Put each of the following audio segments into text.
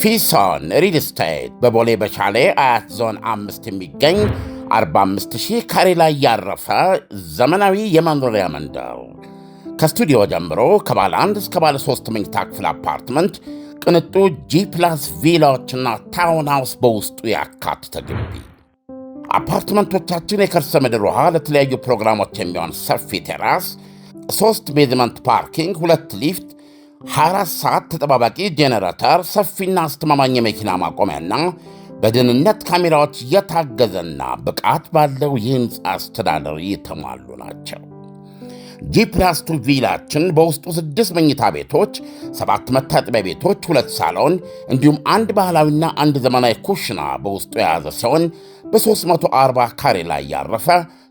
ፊሶን ሪል ስቴት በቦሌ በሻሌ አያት ዞን አምስት የሚገኝ 45000 ካሬ ላይ ያረፈ ዘመናዊ የመኖሪያ መንደር ከስቱዲዮ ጀምሮ ከባለ አንድ እስከ ባለ ሶስት መኝታ ክፍል አፓርትመንት፣ ቅንጡ ጂ ፕላስ ቪላዎችና ታውን ሃውስ በውስጡ ያካተተ ግቢ። አፓርትመንቶቻችን የከርሰ ምድር ውሃ፣ ለተለያዩ ፕሮግራሞች የሚሆን ሰፊ ቴራስ፣ ሶስት ቤዝመንት ፓርኪንግ፣ ሁለት ሊፍት 24 ሰዓት ተጠባባቂ ጄኔሬተር፣ ሰፊና አስተማማኝ የመኪና ማቆሚያና በደህንነት ካሜራዎች የታገዘና ብቃት ባለው የህንፃ አስተዳደር የተሟሉ ናቸው። ጂፕላስቱ ቪላችን በውስጡ ስድስት መኝታ ቤቶች፣ ሰባት መታጠቢያ ቤቶች፣ ሁለት ሳሎን እንዲሁም አንድ ባህላዊና አንድ ዘመናዊ ኩሽና በውስጡ የያዘ ሲሆን በ340 ካሬ ላይ ያረፈ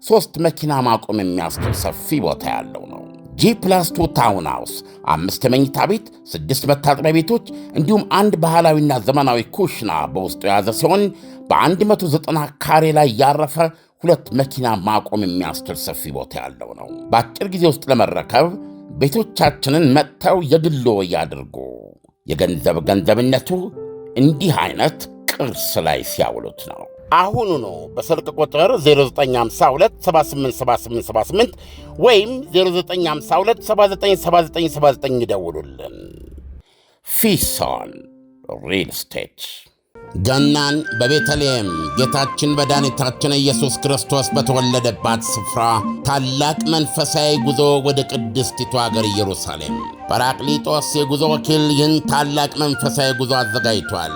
ሦስት መኪና ማቆም የሚያስችል ሰፊ ቦታ ያለው ነው። ቱ ታውን ሃውስ አምስት መኝታ ቤት፣ ስድስት መታጠቢያ ቤቶች እንዲሁም አንድ ባህላዊና ዘመናዊ ኩሽና በውስጡ የያዘ ሲሆን በ190 ካሬ ላይ ያረፈ ሁለት መኪና ማቆም የሚያስችል ሰፊ ቦታ ያለው ነው። በአጭር ጊዜ ውስጥ ለመረከብ ቤቶቻችንን መጥተው የግሎ ያድርጉ። የገንዘብ ገንዘብነቱ እንዲህ አይነት ቅርስ ላይ ሲያውሉት ነው። አሁኑ ነው በስልክ ቁጥር 0952787878 ወይም 0952797979 ይደውሉልን። ፊሶን ሪል ስቴት ገናን በቤተልሔም ጌታችን መድኃኒታችን ኢየሱስ ክርስቶስ በተወለደባት ስፍራ ታላቅ መንፈሳዊ ጉዞ ወደ ቅድስቲቱ አገር ኢየሩሳሌም ጰራቅሊጦስ የጉዞ ወኪል ይህን ታላቅ መንፈሳዊ ጉዞ አዘጋጅቷል።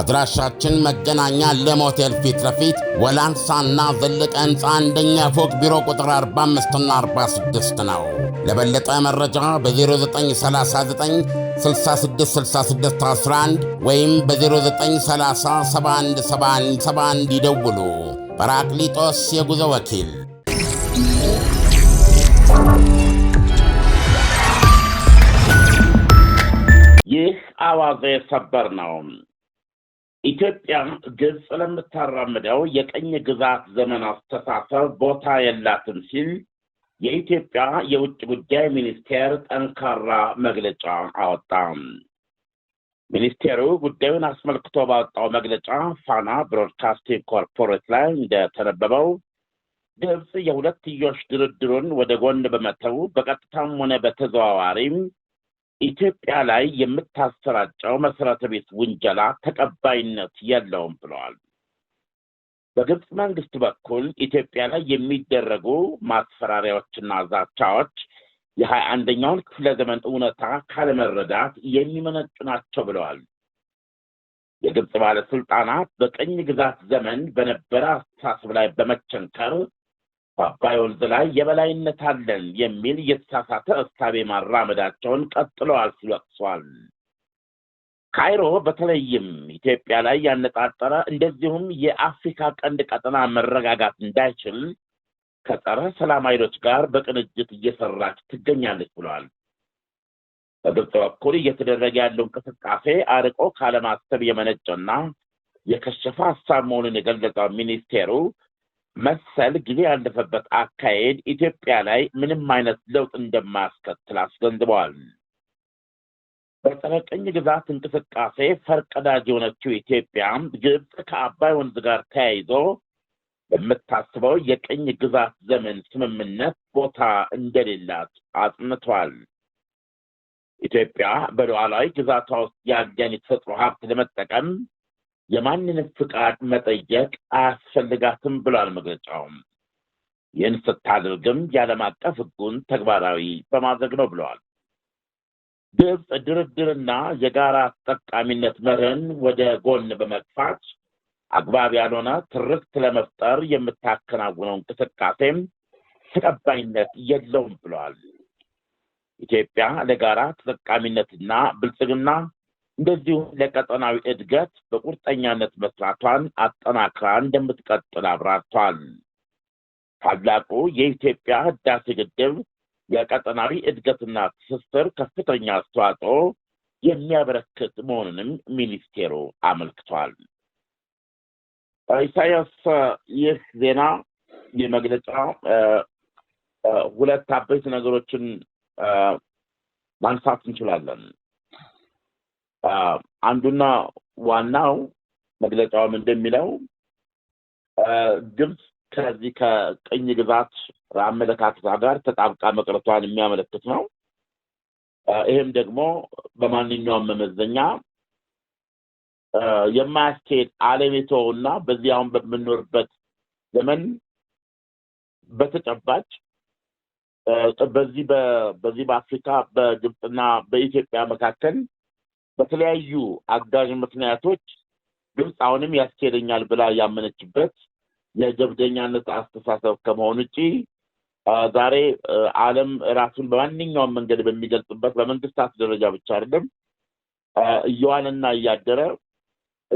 አድራሻችን መገናኛ ለሞቴል ፊት ለፊት ወላንሳና ዘለቀ ህንፃ አንደኛ ፎቅ ቢሮ ቁጥር 45 እና 46 ነው። ለበለጠ መረጃ በ0939 666611 ወይም በ0930717171 ይደውሉ። ጰራቅሊጦስ የጉዞ ወኪል ይህ አዋዜ ሰበር ነው። ኢትዮጵያ ግብፅ ለምታራምደው የቀኝ ግዛት ዘመን አስተሳሰብ ቦታ የላትም ሲል የኢትዮጵያ የውጭ ጉዳይ ሚኒስቴር ጠንካራ መግለጫ አወጣ። ሚኒስቴሩ ጉዳዩን አስመልክቶ ባወጣው መግለጫ ፋና ብሮድካስቲንግ ኮርፖሬት ላይ እንደተነበበው ግብፅ የሁለትዮሽ ድርድሩን ወደ ጎን በመተው በቀጥታም ሆነ በተዘዋዋሪም ኢትዮጵያ ላይ የምታሰራጨው መሰረተ ቤት ውንጀላ ተቀባይነት የለውም ብለዋል። በግብፅ መንግስት በኩል ኢትዮጵያ ላይ የሚደረጉ ማስፈራሪያዎችና ዛቻዎች የሀያ አንደኛውን ክፍለ ዘመን እውነታ ካለመረዳት የሚመነጩ ናቸው ብለዋል። የግብፅ ባለስልጣናት በቅኝ ግዛት ዘመን በነበረ አስተሳሰብ ላይ በመቸንከር በአባዮዝ ላይ የበላይነት አለን የሚል የተሳሳተ እሳቤ ማራመዳቸውን ቀጥለዋል ሲሉ ካይሮ በተለይም ኢትዮጵያ ላይ ያነጣጠረ እንደዚሁም የአፍሪካ ቀንድ ቀጠና መረጋጋት እንዳይችል ከጸረ ሰላም ኃይሎች ጋር በቅንጅት እየሰራች ትገኛለች ብለዋል። በግብጽ በኩል እየተደረገ ያለው እንቅስቃሴ አርቆ ካለማሰብ የመነጨና የከሸፈ ሀሳብ መሆኑን የገለጸው ሚኒስቴሩ መሰል ጊዜ ያለፈበት አካሄድ ኢትዮጵያ ላይ ምንም አይነት ለውጥ እንደማያስከትል አስገንዝበዋል። በጸረ ቅኝ ግዛት እንቅስቃሴ ፈርቀዳጅ የሆነችው ኢትዮጵያ ግብፅ ከአባይ ወንዝ ጋር ተያይዞ በምታስበው የቅኝ ግዛት ዘመን ስምምነት ቦታ እንደሌላት አጽንቷል። ኢትዮጵያ በሉዓላዊ ግዛቷ ውስጥ ያለን የተፈጥሮ ሀብት ለመጠቀም የማንንም ፍቃድ መጠየቅ አያስፈልጋትም ብሏል መግለጫውም። ይህን ስታደርግም የዓለም አቀፍ ሕጉን ተግባራዊ በማድረግ ነው ብለዋል። ግብፅ ድርድርና የጋራ ተጠቃሚነት መርህን ወደ ጎን በመግፋት አግባብ ያልሆነ ትርክት ለመፍጠር የምታከናውነው እንቅስቃሴም ተቀባይነት የለውም ብለዋል። ኢትዮጵያ ለጋራ ተጠቃሚነትና ብልጽግና እንደዚሁም ለቀጠናዊ እድገት በቁርጠኛነት መስራቷን አጠናክራ እንደምትቀጥል አብራርቷል። ታላቁ የኢትዮጵያ ህዳሴ ግድብ የቀጠናዊ እድገትና ትስስር ከፍተኛ አስተዋጽኦ የሚያበረክት መሆኑንም ሚኒስቴሩ አመልክቷል። ኢሳያስ፣ ይህ ዜና የመግለጫ ሁለት አበይት ነገሮችን ማንሳት እንችላለን። አንዱና ዋናው መግለጫውም እንደሚለው ግብፅ ከዚህ ከቅኝ ግዛት አመለካከቷ ጋር ተጣብቃ መቅረቷን የሚያመለክት ነው። ይህም ደግሞ በማንኛውም መመዘኛ የማያስኬድ አለሜቶ እና በዚህ አሁን በምኖርበት ዘመን በተጨባጭ በዚህ በዚህ በአፍሪካ በግብፅና በኢትዮጵያ መካከል በተለያዩ አጋዥ ምክንያቶች ግብፅ አሁንም ያስኬደኛል ብላ ያመነችበት የጀብደኛነት አስተሳሰብ ከመሆን ውጪ ዛሬ ዓለም ራሱን በማንኛውም መንገድ በሚገልጽበት በመንግስታት ደረጃ ብቻ አይደለም እየዋለና እያደረ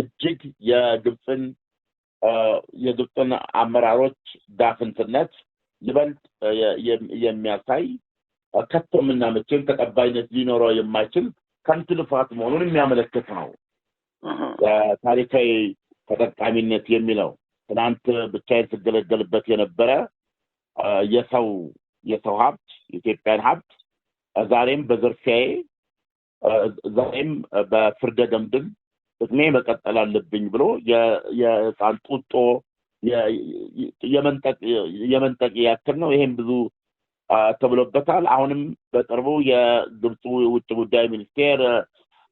እጅግ የግብፅን የግብፅን አመራሮች ዳፍንትነት ይበልጥ የሚያሳይ ከቶ እና ተቀባይነት ሊኖረው የማይችል ከንቱ ልፋት መሆኑን የሚያመለክት ነው። ታሪካዊ ተጠቃሚነት የሚለው ትናንት ብቻዬን ስገለገልበት የነበረ የሰው የሰው ሀብት የኢትዮጵያን ሀብት ዛሬም በዝርፊያዬ ዛሬም በፍርደ ደምድም ጥቅሜ መቀጠል አለብኝ ብሎ የህፃን ጡጦ የመንጠቅ ያክል ነው። ይሄም ብዙ ተብሎበታል። አሁንም በቅርቡ የግብፁ የውጭ ጉዳይ ሚኒስቴር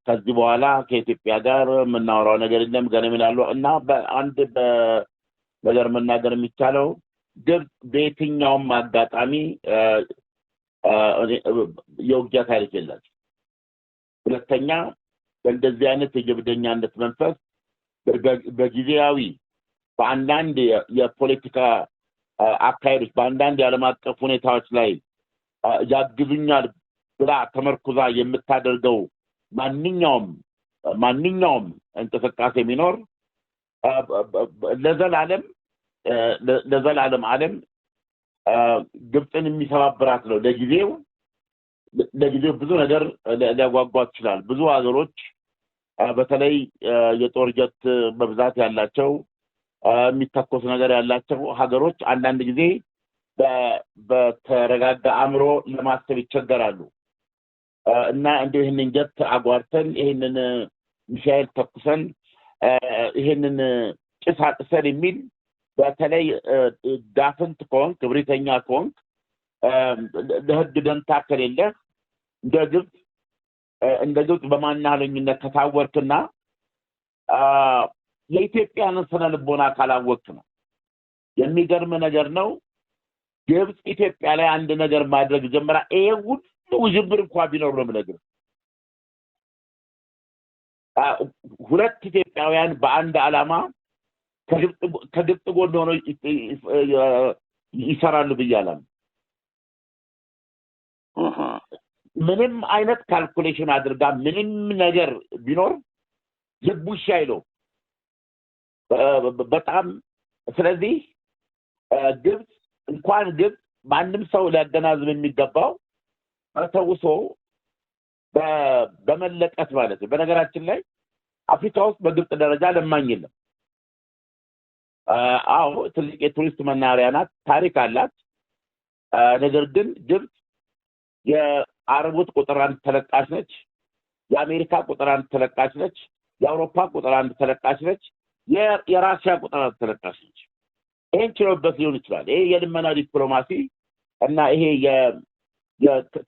ከዚህ በኋላ ከኢትዮጵያ ጋር የምናወራው ነገር የለም ገለም ይላሉ እና በአንድ ነገር መናገር የሚቻለው ግብፅ በየትኛውም አጋጣሚ የውጊያ ታሪክ የላቸው። ሁለተኛ በእንደዚህ አይነት የጀብደኛነት መንፈስ በጊዜያዊ በአንዳንድ የፖለቲካ አካሄዶች በአንዳንድ የዓለም አቀፍ ሁኔታዎች ላይ ያግዙኛል ብላ ተመርኩዛ የምታደርገው ማንኛውም ማንኛውም እንቅስቃሴ የሚኖር ለዘላለም ለዘላለም አለም ግብፅን የሚሰባብራት ነው። ለጊዜው ለጊዜው ብዙ ነገር ሊያጓጓ ይችላል። ብዙ ሀገሮች በተለይ የጦር ጀት መብዛት ያላቸው የሚተኮስ ነገር ያላቸው ሀገሮች አንዳንድ ጊዜ በተረጋጋ አእምሮ ለማሰብ ይቸገራሉ እና እንዲ ይህንን ጀት አጓርተን ይህንን ሚሳኤል ተኩሰን ይህንን ጭስ አጥሰን የሚል በተለይ ዳፍንት ከሆንክ ብሪተኛ ከሆንክ ለህግ ደንታ ከሌለ እንደ ግብፅ እንደ ግብፅ በማናለኝነት ከታወርክና የኢትዮጵያንን ስነ ልቦና ካላወቅ ነው። የሚገርም ነገር ነው። ግብፅ ኢትዮጵያ ላይ አንድ ነገር ማድረግ ጀምራ ይሄ ሁሉ ውዥንብር እንኳ ቢኖር ነው የምነግርህ። ሁለት ኢትዮጵያውያን በአንድ አላማ ከግብፅ ጎን ሆኖ ይሰራሉ ብዬ ምንም አይነት ካልኩሌሽን አድርጋ ምንም ነገር ቢኖር ልቡሽ አይለው አይለውም። በጣም ስለዚህ ግብፅ እንኳን ግብፅ ማንም ሰው ሊያገናዝብ የሚገባው ተውሶ በመለቀት ማለት ነው። በነገራችን ላይ አፍሪካ ውስጥ በግብፅ ደረጃ ለማኝ የለም። አዎ ትልቅ የቱሪስት መናሪያ ናት፣ ታሪክ አላት። ነገር ግን ግብፅ የአረቦት ቁጥር አንድ ተለቃሽ ነች። የአሜሪካ ቁጥር አንድ ተለቃሽ ነች። የአውሮፓ ቁጥር አንድ ተለቃሽ ነች። የራሽያ ቁጠባ ተጠቃሽ ነች። ይህን ችሎበት ሊሆን ይችላል። ይሄ የልመና ዲፕሎማሲ እና ይሄ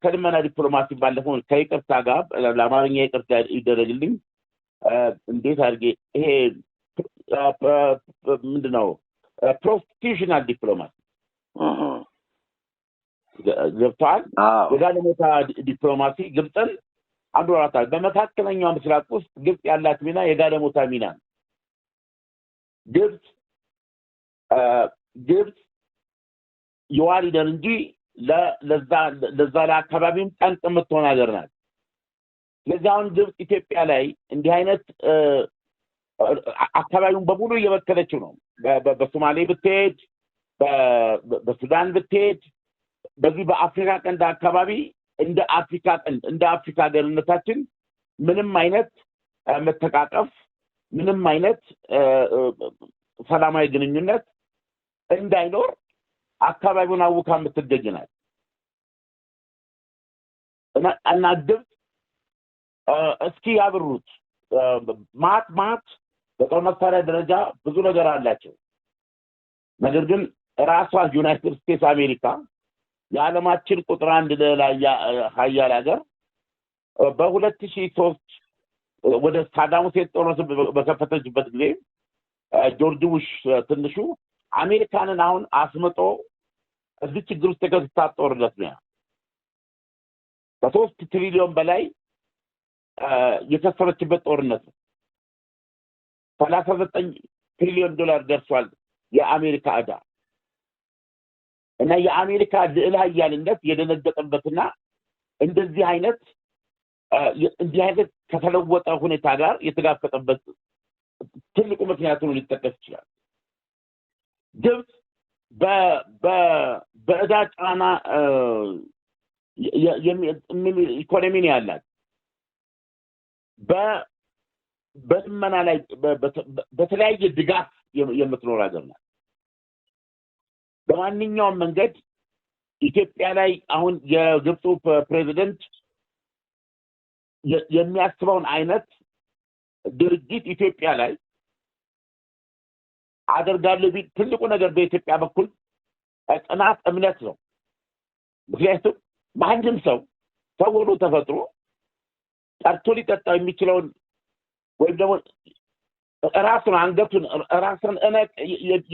ከልመና ዲፕሎማሲ ባለፈው ከይቅርታ ጋር ለአማርኛ ይቅርታ ይደረግልኝ እንዴት አድርጌ ይሄ ምንድነው ፕሮፌሽናል ዲፕሎማሲ ገብተዋል። የጋለሞታ ዲፕሎማሲ ግብፅን አንዱ ራታ በመካከለኛው ምስራቅ ውስጥ ግብፅ ያላት ሚና የጋለሞታ ሚና ነው። ግብፅ ግብፅ የዋሊደን እንጂ ለዛ ለአካባቢም ጠንቅ የምትሆን ሀገር ናት። ስለዚህ አሁን ግብፅ ኢትዮጵያ ላይ እንዲህ አይነት አካባቢውን በሙሉ እየበከለችው ነው። በሶማሌ ብትሄድ፣ በሱዳን ብትሄድ፣ በዚህ በአፍሪካ ቀንድ አካባቢ እንደ አፍሪካ ቀንድ እንደ አፍሪካ ሀገርነታችን ምንም አይነት መተቃቀፍ ምንም አይነት ሰላማዊ ግንኙነት እንዳይኖር አካባቢውን አውካ የምትገኝ ናት እና ግብፅ እስኪ ያብሩት ማት ማት በጦር መሳሪያ ደረጃ ብዙ ነገር አላቸው። ነገር ግን ራሷ ዩናይትድ ስቴትስ አሜሪካ የዓለማችን ቁጥር አንድ ሌላ ሀያል ሀገር በሁለት ሺህ ሶስት ወደ ሳዳም ሁሴን ጦርነት በከፈተችበት ጊዜ ጆርጅ ቡሽ ትንሹ አሜሪካንን አሁን አስምጦ እዚህ ችግር ውስጥ የገዝታ ጦርነት ነው። ከሶስት ትሪሊዮን በላይ የከሰረችበት ጦርነት ነው። ሰላሳ ዘጠኝ ትሪሊዮን ዶላር ደርሷል የአሜሪካ እዳ እና የአሜሪካ ልዕለ ሀያልነት የደነገጠበትና እንደዚህ አይነት እንዲህ አይነት ከተለወጠ ሁኔታ ጋር የተጋፈጠበት ትልቁ ምክንያት ሊጠቀስ ይችላል። ግብፅ በእዳ ጫና ኢኮኖሚ ነው ያላት። በልመና ላይ በተለያየ ድጋፍ የምትኖር ሀገር ናት። በማንኛውም መንገድ ኢትዮጵያ ላይ አሁን የግብፁ ፕሬዚደንት የሚያስበውን አይነት ድርጅት ኢትዮጵያ ላይ አደርጋለሁ ቢል ትልቁ ነገር በኢትዮጵያ በኩል ጽናት፣ እምነት ነው። ምክንያቱም ማንድም ሰው ሰው ሆኖ ተፈጥሮ ጠርቶ ሊጠጣው የሚችለውን ወይም ደግሞ ራሱን አንገቱን ራስን እነቅ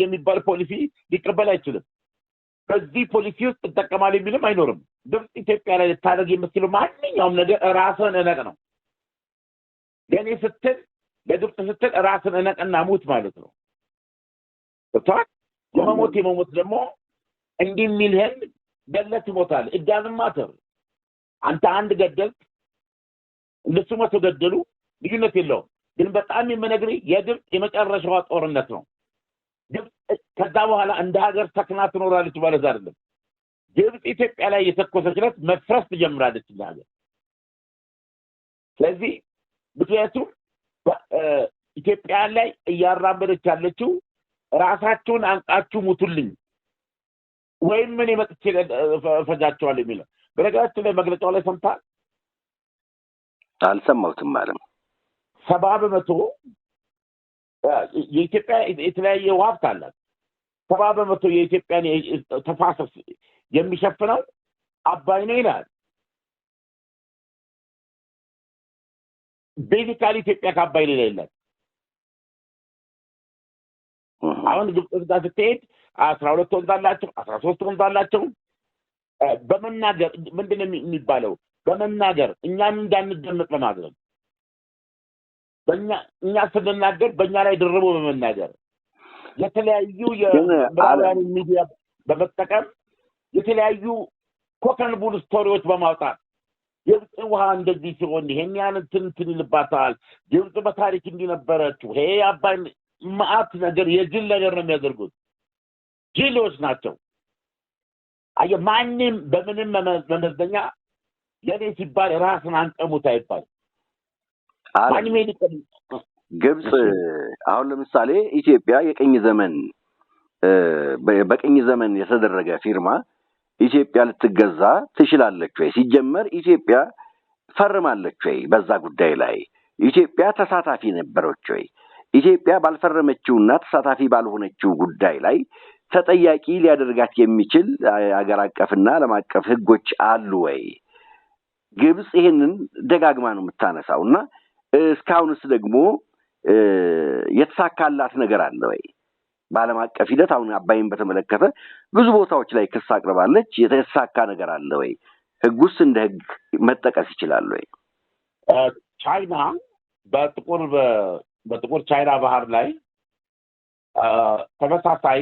የሚባል ፖሊሲ ሊቀበል አይችልም። በዚህ ፖሊሲ ውስጥ እጠቀማለሁ የሚልም አይኖርም። ግብፅ ኢትዮጵያ ላይ ልታደርግ የምትችለው ማንኛውም ነገር ራስን እነቅ ነው። ለእኔ ስትል ለግብፅ ስትል ራስን እነቅና ሙት ማለት ነው። ብቷል የመሞት የመሞት ደግሞ እንዲህ የሚልህን ገለት ይሞታል። እዳንም ተር አንተ አንድ ገደልክ፣ እንደሱ መቶ ገደሉ፣ ልዩነት የለውም። ግን በጣም የምነግርህ የግብፅ የመጨረሻዋ ጦርነት ነው። ግብፅ ከዛ በኋላ እንደ ሀገር ተክና ትኖራለች ማለት አይደለም። ግብፅ ኢትዮጵያ ላይ የተኮሰ ዕለት መፍረስ ትጀምራለች እንደ ሀገር። ስለዚህ ምክንያቱም ኢትዮጵያ ላይ እያራመደች ያለችው ራሳችሁን አንቃችሁ ሙቱልኝ ወይም ምን መጥቼ ፈጃቸዋል የሚለው በነገራችን ላይ መግለጫው ላይ ሰምተሃል? አልሰማሁትም። አለም ሰባ በመቶ የኢትዮጵያ የተለያየ ሀብት አላት። ሰባ በመቶ የኢትዮጵያን ተፋሰስ የሚሸፍነው አባይ ነው ይላል። ቤዚካሊ ኢትዮጵያ ከአባይ ሌላ የለም። አሁን ግብጽ ወንዝ ጋር ስትሄድ አስራ ሁለት ወንዝ አላቸው፣ አስራ ሶስት ወንዝ አላቸው። በመናገር ምንድን ነው የሚባለው? በመናገር እኛን እንዳንደመጥ በማድረግ በእኛ እኛ ስንናገር በእኛ ላይ ድርቦ በመናገር የተለያዩ የምዕራባውያን ሚዲያ በመጠቀም የተለያዩ ኮከን ቡል ስቶሪዎች በማውጣት ግብፅ ውሃ እንደዚህ ሲሆን ይሄን ያን እንትን ይልባታል፣ ግብፅ በታሪክ እንዲነበረችው ይሄ አባይ ማአት ነገር የጅል ነገር ነው የሚያደርጉት። ጅሎች ናቸው። አየ ማንም በምንም መመዘኛ የኔ ሲባል ራስን አንቀሙት አይባል ማንም ግብፅ አሁን ለምሳሌ ኢትዮጵያ የቅኝ ዘመን በቅኝ ዘመን የተደረገ ፊርማ ኢትዮጵያ ልትገዛ ትችላለች ወይ? ሲጀመር ኢትዮጵያ ፈርማለች ወይ? በዛ ጉዳይ ላይ ኢትዮጵያ ተሳታፊ ነበረች ወይ? ኢትዮጵያ ባልፈረመችውና ተሳታፊ ባልሆነችው ጉዳይ ላይ ተጠያቂ ሊያደርጋት የሚችል አገር አቀፍና ዓለም አቀፍ ሕጎች አሉ ወይ? ግብፅ ይህንን ደጋግማ ነው የምታነሳው እና እስካሁንስ ደግሞ የተሳካላት ነገር አለ ወይ? በአለም አቀፍ ሂደት አሁን አባይን በተመለከተ ብዙ ቦታዎች ላይ ክስ አቅርባለች። የተሳካ ነገር አለ ወይ? ህጉስ እንደ ህግ መጠቀስ ይችላል ወይ? ቻይና በጥቁር በጥቁር ቻይና ባህር ላይ ተመሳሳይ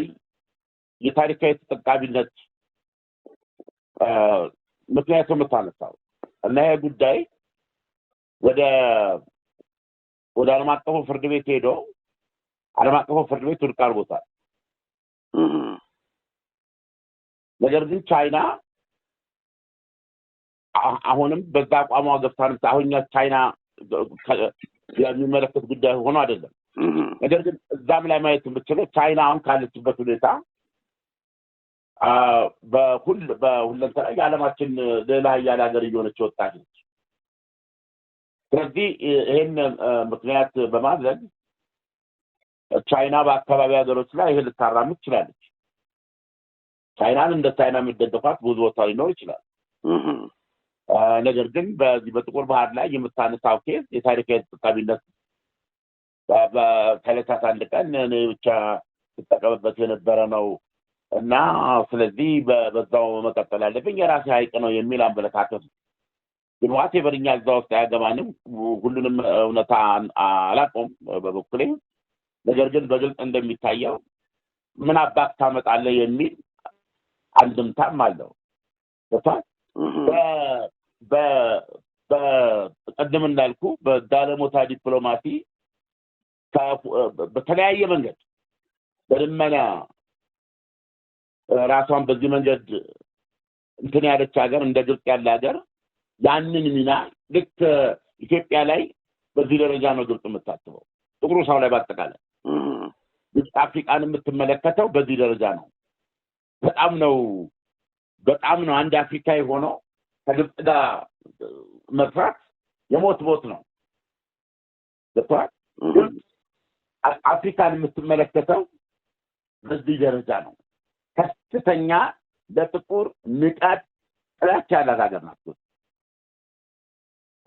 የታሪካዊ ተጠቃሚነት ምክንያቱ የምታነሳው እና ይህ ጉዳይ ወደ ወደ አለም አቀፉ ፍርድ ቤት ሄዶ አለም አቀፉ ፍርድ ቤት ውድቅ አድርጎታል። ነገር ግን ቻይና አሁንም በዛ አቋሟ ገብታ አሁኛ ቻይና የሚመለከት ጉዳይ ሆኖ አይደለም። ነገር ግን እዛም ላይ ማየት የምትችለው ቻይና አሁን ካለችበት ሁኔታ በሁለንተና የዓለማችን ሌላ ሀያል ሀገር እየሆነች ወጣለች። ስለዚህ ይህን ምክንያት በማድረግ ቻይና በአካባቢ ሀገሮች ላይ ይህን ልታራም ትችላለች። ቻይናን እንደ ቻይና የሚደገፋት ብዙ ቦታ ሊኖር ይችላል። ነገር ግን በዚህ በጥቁር ባህር ላይ የምታነሳው ኬስ የታሪክ ተጠቃሚነት ከዕለታት አንድ ቀን እኔ ብቻ ስጠቀምበት የነበረ ነው እና ስለዚህ በዛው መቀጠል አለብኝ የራሴ ሀይቅ ነው የሚል አመለካከት ነው። ግን ዋቴቨር እኛ እዛ ውስጥ አያገባንም። ሁሉንም እውነታ አላቆም በበኩሌ። ነገር ግን በግልጽ እንደሚታየው ምን አባት ታመጣለ የሚል አንድምታም አለው። ገብቷል። እንዳልኩ በዳለሞታ ዲፕሎማሲ በተለያየ መንገድ በልመና ራሷን በዚህ መንገድ እንትን ያለች ሀገር እንደ ግብጽ ያለ ሀገር ያንን ሚና ልክ uh, ኢትዮጵያ ላይ በዚህ ደረጃ ነው ግብጽ የምታስበው። ጥቁሩ ሰው ላይ በአጠቃላይ ግብጽ አፍሪቃን የምትመለከተው በዚህ ደረጃ ነው። በጣም ነው በጣም ነው አንድ አፍሪካ የሆነው ከግብጽ ጋር መስራት የሞት ሞት ነው። አፍሪካን የምትመለከተው በዚህ ደረጃ ነው። ከፍተኛ ለጥቁር ንቀት ጥላቻ ያላት ሀገር ናት።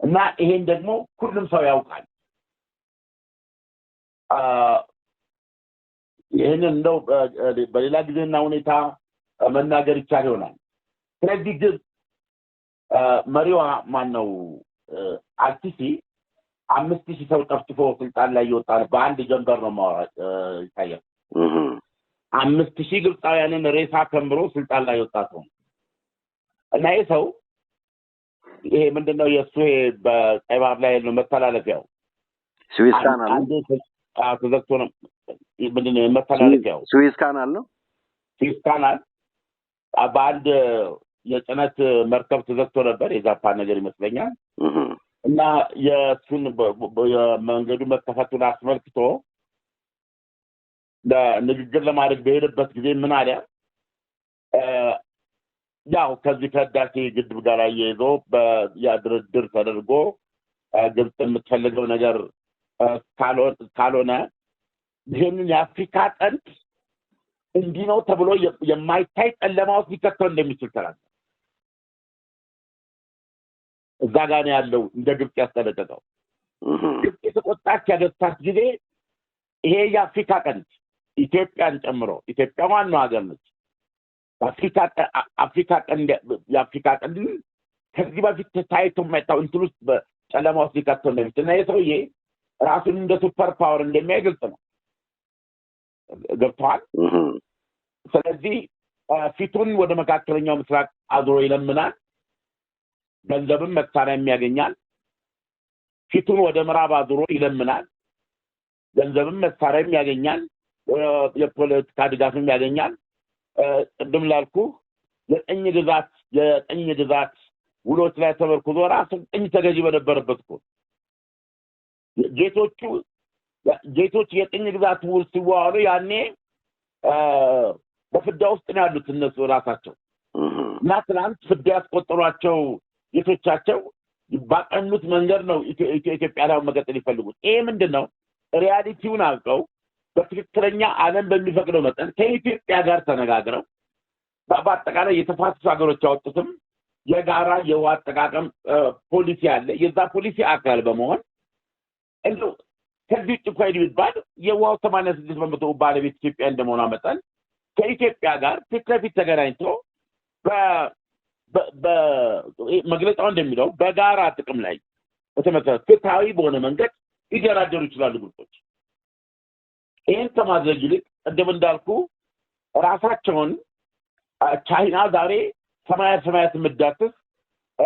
እና ይሄን ደግሞ ሁሉም ሰው ያውቃል። ይህንን እንደው በሌላ ጊዜና ሁኔታ መናገር ይቻል ይሆናል። ስለዚህ ግን መሪዋ ማን ነው አልቲሲ አምስት ሺህ ሰው ጠፍጥፎ ስልጣን ላይ ይወጣል። በአንድ ጀንበር ነው ማወራ ይታያል። አምስት ሺህ ግብፃውያንን ሬሳ ከምሮ ስልጣን ላይ ወጣ ሰው እና ይህ ሰው ይሄ ምንድን ነው የእሱ ይሄ በቀይ ላይ ነው መተላለፊያው ስዊዝ ካናል ተዘግቶ ነው ምንድን ነው መተላለፊያው ስዊዝ ካናል ነው ስዊዝ ካናል በአንድ የጭነት መርከብ ተዘግቶ ነበር የዛፓ ነገር ይመስለኛል እና የእሱን የመንገዱ መከፈቱን አስመልክቶ ንግግር ለማድረግ በሄደበት ጊዜ ምን አለ ያው ከዚህ ከህዳሴ ግድብ ጋር አያይዞ ያ ድርድር ተደርጎ ግብፅ የምትፈልገው ነገር ካልሆነ ይህንን የአፍሪካ ቀንድ እንዲህ ነው ተብሎ የማይታይ ጨለማ ውስጥ ሊከተው እንደሚችል ተናገ እዛ ጋ ነው ያለው። እንደ ግብፅ ያስጠነቀቀው ግብፅ የተቆጣች ያገታት ጊዜ ይሄ የአፍሪካ ቀንድ ኢትዮጵያን ጨምሮ ኢትዮጵያ ዋናው ሀገር ነች። በአፍሪካ ቀንድ የአፍሪካ ቀንድ ከዚህ በፊት ታይቶ የማይታው እንትን ውስጥ በጨለማ ውስጥ ሊከቶ እንደሚችል እና የሰውዬ ራሱን እንደ ሱፐር ፓወር እንደሚያይ ግልጽ ነው። ገብተዋል። ስለዚህ ፊቱን ወደ መካከለኛው ምስራቅ አዙሮ ይለምናል። ገንዘብም መሳሪያም ያገኛል። ፊቱን ወደ ምዕራብ አዙሮ ይለምናል። ገንዘብም መሳሪያም ያገኛል። የፖለቲካ ድጋፍም ያገኛል። ቅድም ላልኩ ዘጠኝ ግዛት ዘጠኝ ግዛት ውሎች ላይ ተመርኩዞ ራሱ ጥኝ ተገዢ በነበረበት እኮ ጌቶቹ ጌቶች የቅኝ ግዛት ውል ሲዋዋሉ ያኔ በፍዳ ውስጥ ነው ያሉት እነሱ ራሳቸው እና ትናንት ፍዳ ያስቆጠሯቸው ጌቶቻቸው ባቀኑት መንገድ ነው ኢትዮጵያ ላይ መቀጠል ይፈልጉት። ይሄ ምንድን ነው? ሪያሊቲውን አውቀው በትክክለኛ ዓለም በሚፈቅደው መጠን ከኢትዮጵያ ጋር ተነጋግረው በአጠቃላይ የተፋሰሱ ሀገሮች ያወጡትም የጋራ የውሃ አጠቃቀም ፖሊሲ አለ። የዛ ፖሊሲ አካል በመሆን እንደው ከዚህ ውጭ እንኳ የሚባል የውሃው ሰማንያ ስድስት በመቶ ባለቤት ኢትዮጵያ እንደመሆኗ መጠን ከኢትዮጵያ ጋር ፊት ለፊት ተገናኝቶ መግለጫው እንደሚለው በጋራ ጥቅም ላይ በተመሰረተ ፍትሐዊ በሆነ መንገድ ሊደራደሩ ይችላሉ ግሩፖች ይህን ከማድረግ ይልቅ ቅድም እንዳልኩ ራሳቸውን ቻይና ዛሬ ሰማያት ሰማያት የምዳትስ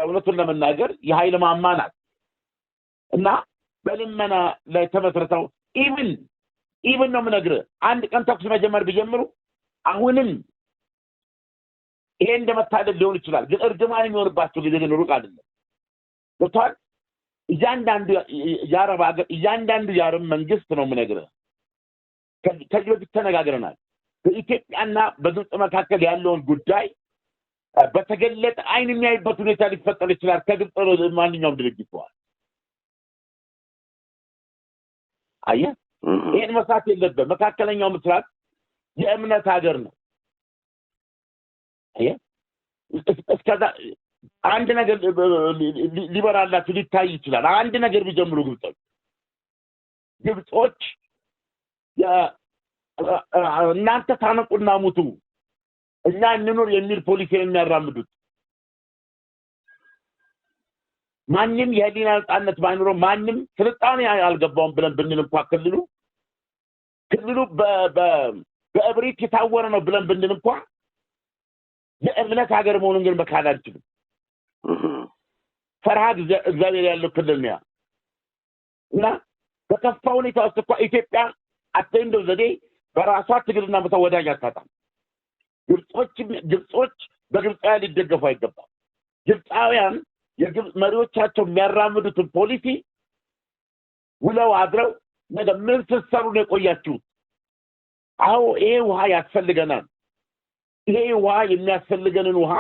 እውነቱን ለመናገር የሀይል ማማ ናት እና በልመና ላይ ተመስርተው ኢብን ኢብን ነው ምነግር አንድ ቀን ተኩስ መጀመር ቢጀምሩ አሁንም ይሄ እንደመታደል ሊሆን ይችላል፣ ግን እርግማን የሚሆንባቸው ጊዜ ግን ሩቅ አይደለም። ብቷል እያንዳንዱ የአረብ ሀገር እያንዳንዱ የአረብ መንግስት ነው ምነግርህ ከዚህ በፊት ተነጋግረናል። በኢትዮጵያና በግብፅ መካከል ያለውን ጉዳይ በተገለጠ አይን የሚያይበት ሁኔታ ሊፈጠር ይችላል። ከግብፅ ማንኛውም ድርጅት በኋላ ይህን መስራት የለበት። መካከለኛው ምስራቅ የእምነት ሀገር ነው። እስከዛ አንድ ነገር ሊበራላችሁ ሊታይ ይችላል። አንድ ነገር ቢጀምሩ ግብጾች ግብጾች እናንተ ታነቁና ሙቱ እኛ እንኑር የሚል ፖሊሲ የሚያራምዱት ማንም የህሊና ነጻነት ባይኖረው ማንም ስልጣኔ አልገባውም ብለን ብንል እንኳ ክልሉ ክልሉ በእብሪት የታወረ ነው ብለን ብንል እንኳ የእምነት ሀገር መሆኑን ግን መካድ አንችልም። ፈርሃ እግዚአብሔር ያለው ክልል ነው እና በከፋ ሁኔታ ውስጥ እኳ ኢትዮጵያ አቴንዶ ዘዴ በራሷ ትግልና ተወዳጅ አታጣም። ግብጾች ግብጾች በግብፃውያን ሊደገፉ አይገባም። ግብፃውያን የግብፅ መሪዎቻቸው የሚያራምዱትን ፖሊሲ ውለው አድረው ነገ ምን ስትሰሩ ነው የቆያችሁት? አዎ ይሄ ውሃ ያስፈልገናል። ይሄ ውሃ የሚያስፈልገንን ውሃ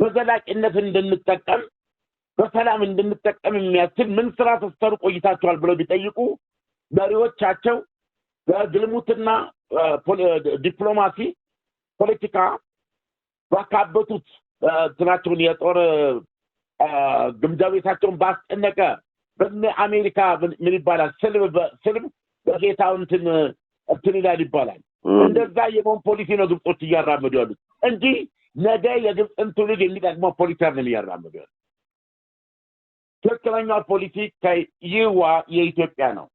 በዘላቂነት እንድንጠቀም በሰላም እንድንጠቀም የሚያስችል ምን ስራ ተሰሩ ቆይታችኋል ብለው ቢጠይቁ መሪዎቻቸው በግልሙትና ዲፕሎማሲ፣ ፖለቲካ ባካበቱት ትናቸውን የጦር ግምጃ ቤታቸውን ባስጨነቀ በነ አሜሪካ ምን ይባላል ስልም ስልም በጌታው እንትን እንትን ይላል ይባላል። እንደዛ የመሆን ፖሊሲ ነው ግብጾች እያራመዱ ያሉት እንጂ ነገ የግብፅን ትውልድ የሚጠቅመው ፖሊሲ ነው እያራመዱ ያሉት። ትክክለኛ ፖሊሲ ከይዋ የኢትዮጵያ ነው።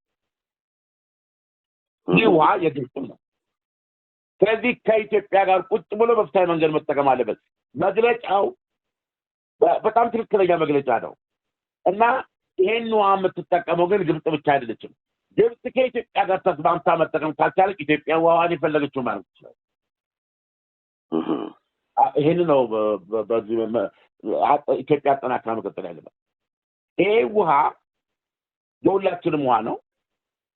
ይህ ውሃ የግብፅም ነው። ስለዚህ ከኢትዮጵያ ጋር ቁጭ ብሎ መፍትሄ መንገድ መጠቀም አለበት። መግለጫው በጣም ትክክለኛ መግለጫ ነው እና ይሄን ውሃ የምትጠቀመው ግን ግብፅ ብቻ አይደለችም። ግብፅ ከኢትዮጵያ ጋር ተስማምታ መጠቀም ካልቻለች ኢትዮጵያ ውሃዋን የፈለገችው ማለት ይችላል። ይህን ነው ኢትዮጵያ አጠናክራ መቀጠል ያለበት ይሄ ውሃ የሁላችንም ውሃ ነው።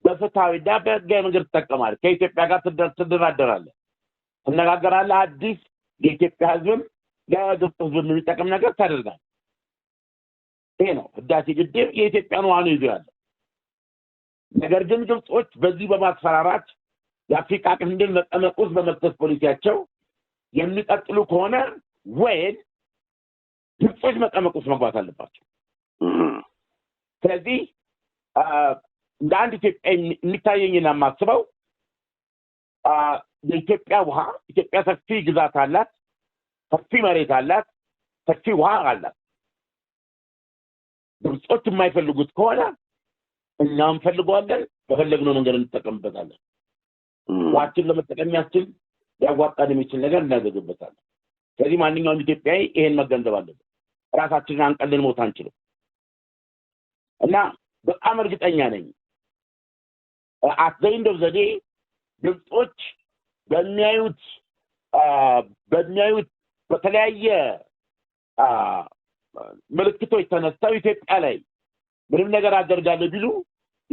በፍትሐዊና በህጋዊ መንገድ ትጠቀማለህ። ከኢትዮጵያ ጋር ትደራደራለህ፣ ትነጋገራለህ። አዲስ የኢትዮጵያ ህዝብም ለግብፅ ህዝብ የሚጠቅም ነገር ታደርጋለህ። ይሄ ነው ህዳሴ ግድብ የኢትዮጵያን ውሃ ነው ይዞ ያለ። ነገር ግን ግብጾች በዚህ በማስፈራራት የአፍሪካ ቀንድን መጠመቁስ ውስጥ በመክተት ፖሊሲያቸው የሚቀጥሉ ከሆነ ወይን ግብጾች መጠመቁስ ውስጥ መግባት አለባቸው። ስለዚህ እንደ አንድ ኢትዮጵያ ና የማስበው የኢትዮጵያ ውሃ ኢትዮጵያ ሰፊ ግዛት አላት፣ ሰፊ መሬት አላት፣ ሰፊ ውሃ አላት። ግብጾች የማይፈልጉት ከሆነ እኛ እንፈልገዋለን፣ በፈለግነው መንገድ እንጠቀምበታለን። ዋችን ለመጠቀም ያስችል ሊያዋጣን የሚችል ነገር እናደርግበታለን። ስለዚህ ማንኛውም ኢትዮጵያዊ ይሄን መገንዘብ አለበት። ራሳችንን አንቀልን ሞት አንችልም እና በጣም እርግጠኛ ነኝ አት ዘ ኤንድ ኦፍ ዘ ዴይ ግብጾች በሚያዩት በሚያዩት በተለያየ ምልክቶች ተነስተው ኢትዮጵያ ላይ ምንም ነገር አደርጋለሁ ቢሉ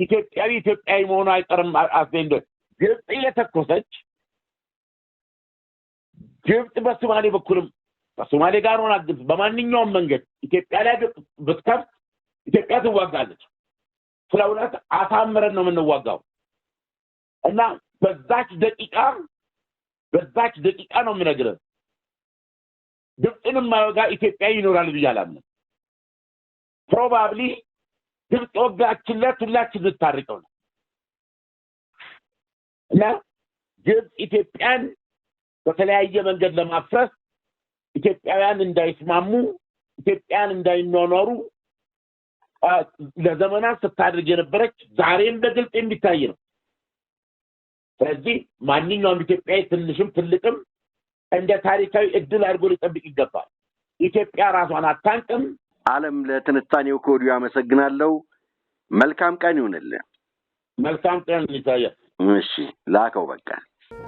ኢትዮጵያዊ ኢትዮጵያዊ መሆኑ አይቀርም። አስቤንዶ ግብፅ እየተኮሰች ግብፅ በሶማሌ በኩልም በሶማሌ ጋር ሆና ግብፅ በማንኛውም መንገድ ኢትዮጵያ ላይ ብትከፍት ኢትዮጵያ ትዋጋለች። ስለ እውነት አሳምረን ነው የምንዋጋው። እና በዛች ደቂቃ በዛች ደቂቃ ነው የምነግርህ ግብፅን ማወጋ ኢትዮጵያ ይኖራል ብዬ አላምንም። ፕሮባብሊ ግብፅ ወጋችለት ሁላችን ልታርቀው ነው እና ግብፅ ኢትዮጵያን በተለያየ መንገድ ለማፍረስ ኢትዮጵያውያን እንዳይስማሙ፣ ኢትዮጵያን እንዳይኗኗሩ ለዘመናት ስታደርግ የነበረች ዛሬም በግልጽ የሚታይ ነው። ስለዚህ ማንኛውም ኢትዮጵያዊ ትንሽም ትልቅም እንደ ታሪካዊ እድል አድርጎ ሊጠብቅ ይገባል። ኢትዮጵያ ራሷን አታንቅም። አለም ለትንታኔው ከወዲሁ አመሰግናለሁ። መልካም ቀን ይሁንልህ። መልካም ቀን ይታያል። እሺ ላከው በቃ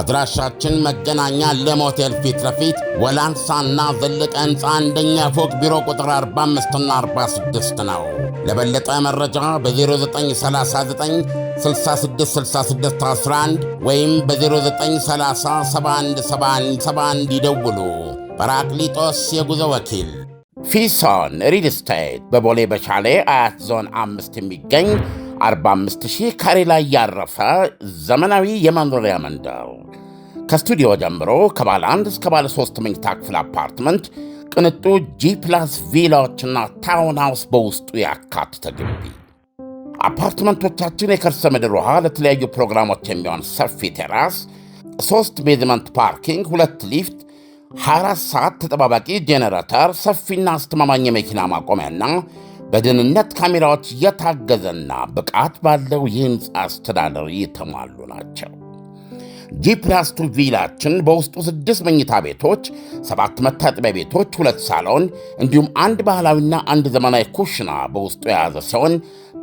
አድራሻችን መገናኛ ለም ሆቴል ፊት ለፊት ወላንሳና ዘለቀ ህንፃ አንደኛ ፎቅ ቢሮ ቁጥር 45 እና 46 ነው። ለበለጠ መረጃ በ0939666611 ወይም በ0930717171 ይደውሉ። ጰራቅሊጦስ የጉዞ ወኪል ፊሶን ሪል ስቴት በቦሌ በሻሌ አያት ዞን አምስት የሚገኝ 45 ሺህ ካሬ ላይ ያረፈ ዘመናዊ የመኖሪያ መንደር ከስቱዲዮ ጀምሮ ከባለ አንድ እስከ ባለ ሶስት መኝታ ክፍል አፓርትመንት፣ ቅንጡ ጂ ፕላስ ቪላዎችና ታውን ሃውስ በውስጡ ያካተተ ግቢ። አፓርትመንቶቻችን የከርሰ ምድር ውሃ፣ ለተለያዩ ፕሮግራሞች የሚሆን ሰፊ ቴራስ፣ ሶስት ቤዝመንት ፓርኪንግ፣ ሁለት ሊፍት 24 ሰዓት ተጠባባቂ ጄኔሬተር፣ ሰፊና አስተማማኝ የመኪና ማቆሚያና በደህንነት ካሜራዎች የታገዘና ብቃት ባለው የህንፃ አስተዳደር የተሟሉ ናቸው። ጂፕላስቱ ቪላችን በውስጡ ስድስት መኝታ ቤቶች፣ ሰባት መታጠቢያ ቤቶች፣ ሁለት ሳሎን እንዲሁም አንድ ባህላዊና አንድ ዘመናዊ ኩሽና በውስጡ የያዘ ሲሆን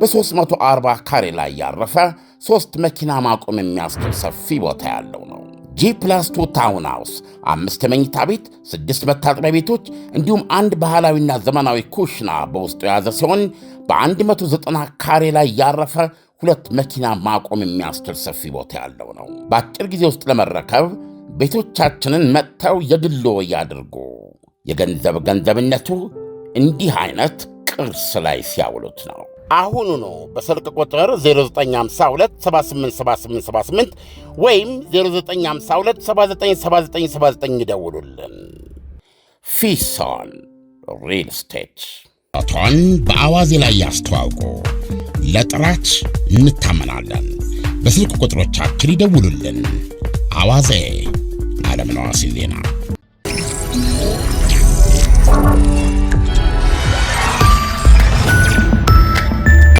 በ340 ካሬ ላይ ያረፈ ሦስት መኪና ማቆም የሚያስችል ሰፊ ቦታ ያለው ነው። ጂ ፕላስቱ ታውን ሃውስ አምስት መኝታ ቤት፣ ስድስት መታጠቢያ ቤቶች እንዲሁም አንድ ባህላዊና ዘመናዊ ኩሽና በውስጡ የያዘ ሲሆን በ190 ካሬ ላይ ያረፈ ሁለት መኪና ማቆም የሚያስችል ሰፊ ቦታ ያለው ነው። በአጭር ጊዜ ውስጥ ለመረከብ ቤቶቻችንን መጥተው የግሎ ያድርጉ። የገንዘብ ገንዘብነቱ እንዲህ አይነት ቅርስ ላይ ሲያውሉት ነው። አሁኑ ነው በስልክ ቁጥር 0952787878 ወይም 0952797979 ይደውሉልን። ፊሶን ሪል ስቴት አቷን በአዋዜ ላይ ያስተዋውቁ። ለጥራች እንታመናለን። በስልክ ቁጥሮቻችን ይደውሉልን። አዋዜ ዓለምነህ ዋሴ ዜና